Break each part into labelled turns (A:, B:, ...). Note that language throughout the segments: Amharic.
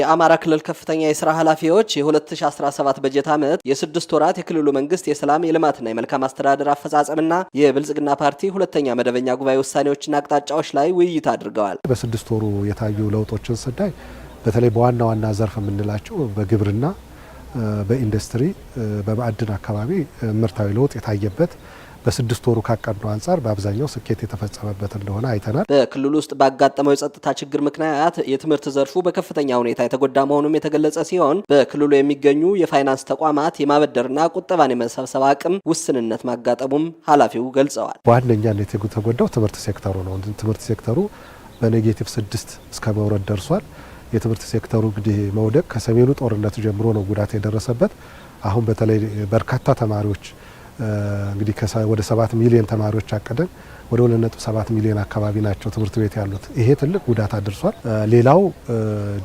A: የአማራ ክልል ከፍተኛ የስራ ኃላፊዎች የ2017 በጀት ዓመት የስድስት ወራት የክልሉ መንግስት የሰላም የልማትና የመልካም አስተዳደር አፈጻጸምና የብልጽግና ፓርቲ ሁለተኛ መደበኛ ጉባኤ ውሳኔዎችና አቅጣጫዎች ላይ ውይይት አድርገዋል።
B: በስድስት ወሩ የታዩ ለውጦችን ስናይ በተለይ በዋና ዋና ዘርፍ የምንላቸው በግብርና፣ በኢንዱስትሪ፣ በማዕድን አካባቢ ምርታዊ ለውጥ የታየበት በስድስት ወሩ ካቀድነው አንጻር በአብዛኛው ስኬት የተፈጸመበት እንደሆነ አይተናል።
A: በክልሉ ውስጥ ባጋጠመው የጸጥታ ችግር ምክንያት የትምህርት ዘርፉ በከፍተኛ ሁኔታ የተጎዳ መሆኑም የተገለጸ ሲሆን በክልሉ የሚገኙ የፋይናንስ ተቋማት የማበደርና ቁጠባን የመሰብሰብ አቅም ውስንነት ማጋጠሙም ኃላፊው ገልጸዋል።
B: በዋነኛነት የተጎዳው ትምህርት ሴክተሩ ነው። ትምህርት ሴክተሩ በኔጌቲቭ ስድስት እስከ መውረድ ደርሷል። የትምህርት ሴክተሩ እንግዲህ መውደቅ ከሰሜኑ ጦርነት ጀምሮ ነው ጉዳት የደረሰበት። አሁን በተለይ በርካታ ተማሪዎች እንግዲህ ወደ ሰባት ሚሊዮን ተማሪዎች አቀደ ወደ 2.7 ሚሊዮን አካባቢ ናቸው ትምህርት ቤት ያሉት። ይሄ ትልቅ ጉዳት አድርሷል። ሌላው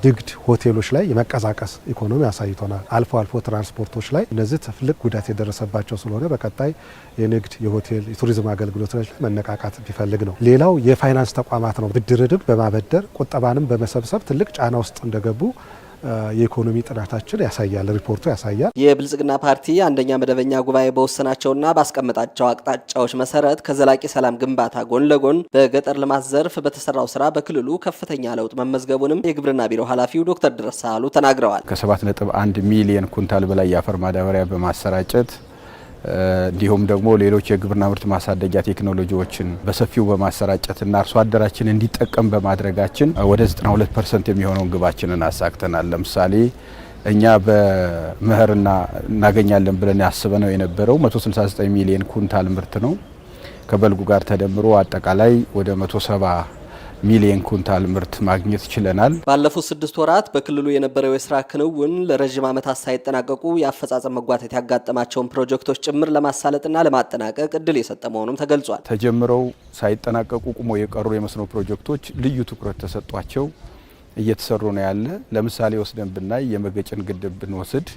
B: ንግድ፣ ሆቴሎች ላይ የመቀዛቀስ ኢኮኖሚ አሳይቶናል። አልፎ አልፎ ትራንስፖርቶች ላይ እነዚህ ትልቅ ጉዳት የደረሰባቸው ስለሆነ በቀጣይ የንግድ፣ የሆቴል፣ የቱሪዝም አገልግሎቶች ላይ መነቃቃት ቢፈልግ ነው። ሌላው የፋይናንስ ተቋማት ነው። ብድርንም በማበደር ቁጠባንም በመሰብሰብ ትልቅ ጫና ውስጥ እንደገቡ የኢኮኖሚ ጥናታችን ያሳያል፣ ሪፖርቱ ያሳያል።
A: የብልጽግና ፓርቲ አንደኛ መደበኛ ጉባኤ በወሰናቸውና ባስቀመጣቸው አቅጣጫዎች መሰረት ከዘላቂ ሰላም ግንባታ ጎን ለጎን በገጠር ልማት ዘርፍ በተሰራው ስራ በክልሉ ከፍተኛ ለውጥ መመዝገቡንም የግብርና ቢሮ ኃላፊው ዶክተር ድረሳሉ ተናግረዋል።
C: ከ7.1 ሚሊየን ኩንታል በላይ የአፈር ማዳበሪያ በማሰራጨት እንዲሁም ደግሞ ሌሎች የግብርና ምርት ማሳደጊያ ቴክኖሎጂዎችን በሰፊው በማሰራጨትና አርሶ አደራችን እንዲጠቀም በማድረጋችን ወደ 92 ፐርሰንት የሚሆነውን ግባችንን አሳክተናል። ለምሳሌ እኛ በመኸርና እናገኛለን ብለን ያስበነው የነበረው 169 ሚሊዮን ኩንታል ምርት ነው። ከበልጉ ጋር ተደምሮ አጠቃላይ ወደ 170 ሚሊየን ኩንታል ምርት ማግኘት ችለናል።
A: ባለፉት ስድስት ወራት በክልሉ የነበረው የስራ ክንውን ለረዥም ዓመታት ሳይጠናቀቁ የአፈጻጸም መጓተት ያጋጠማቸውን ፕሮጀክቶች ጭምር ለማሳለጥና ለማጠናቀቅ እድል የሰጠ መሆኑም ተገልጿል።
C: ተጀምረው ሳይጠናቀቁ ቁሞ የቀሩ የመስኖ ፕሮጀክቶች ልዩ ትኩረት ተሰጧቸው እየተሰሩ ነው ያለ። ለምሳሌ ወስደን ብናይ የመገጭን ግድብ ብንወስድ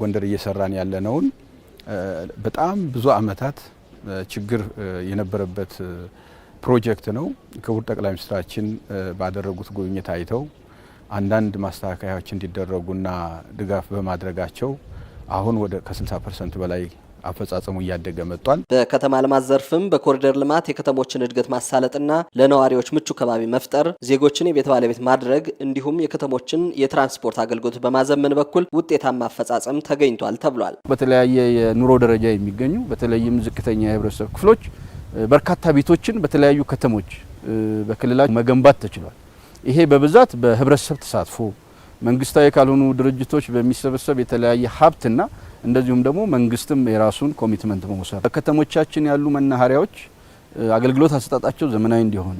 C: ጎንደር እየሰራን ያለነውን በጣም ብዙ ዓመታት ችግር የነበረበት ፕሮጀክት ነው። ክቡር ጠቅላይ ሚኒስትራችን ባደረጉት ጉብኝት አይተው አንዳንድ ማስተካከያዎች እንዲደረጉና ድጋፍ በማድረጋቸው አሁን ወደ ከ60 ፐርሰንት በላይ አፈጻጸሙ እያደገ መጥቷል።
A: በከተማ ልማት ዘርፍም በኮሪደር ልማት የከተሞችን እድገት ማሳለጥና ለነዋሪዎች ምቹ ከባቢ መፍጠር፣ ዜጎችን የቤት ባለቤት ማድረግ እንዲሁም የከተሞችን የትራንስፖርት አገልግሎት በማዘመን በኩል ውጤታማ አፈጻጸም ተገኝቷል ተብሏል።
B: በተለያየ የኑሮ ደረጃ የሚገኙ በተለይም ዝቅተኛ የህብረተሰብ ክፍሎች በርካታ ቤቶችን በተለያዩ ከተሞች በክልላችን መገንባት ተችሏል። ይሄ በብዛት በህብረተሰብ ተሳትፎ መንግስታዊ ካልሆኑ ድርጅቶች በሚሰበሰብ የተለያየ ሀብትና እንደዚሁም ደግሞ መንግስትም የራሱን ኮሚትመንት በመውሰድ በከተሞቻችን ያሉ መናኸሪያዎች አገልግሎት አሰጣጣቸው ዘመናዊ እንዲሆን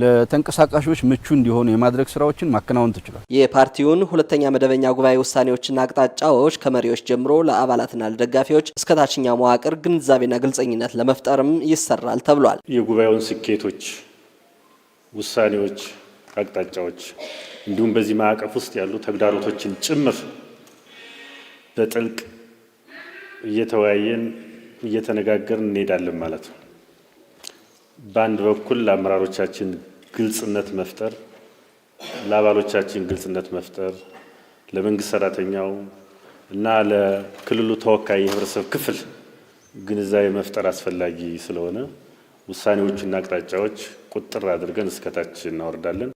B: ለተንቀሳቃሾች ምቹ እንዲሆኑ የማድረግ ስራዎችን ማከናወን ትችላል።
A: የፓርቲውን ሁለተኛ መደበኛ ጉባኤ ውሳኔዎችና አቅጣጫዎች ከመሪዎች ጀምሮ ለአባላትና ለደጋፊዎች እስከ ታችኛው መዋቅር ግንዛቤና ግልጸኝነት ለመፍጠርም ይሰራል ተብሏል።
D: የጉባኤውን ስኬቶች፣ ውሳኔዎች፣ አቅጣጫዎች እንዲሁም በዚህ ማዕቀፍ ውስጥ ያሉ ተግዳሮቶችን ጭምር በጥልቅ እየተወያየን እየተነጋገርን እንሄዳለን ማለት ነው። በአንድ በኩል ለአመራሮቻችን ግልጽነት መፍጠር፣ ለአባሎቻችን ግልጽነት መፍጠር፣ ለመንግስት ሰራተኛው እና ለክልሉ ተወካይ የህብረተሰብ ክፍል ግንዛቤ መፍጠር አስፈላጊ ስለሆነ ውሳኔዎችና አቅጣጫዎች ቁጥር አድርገን እስከታች እናወርዳለን።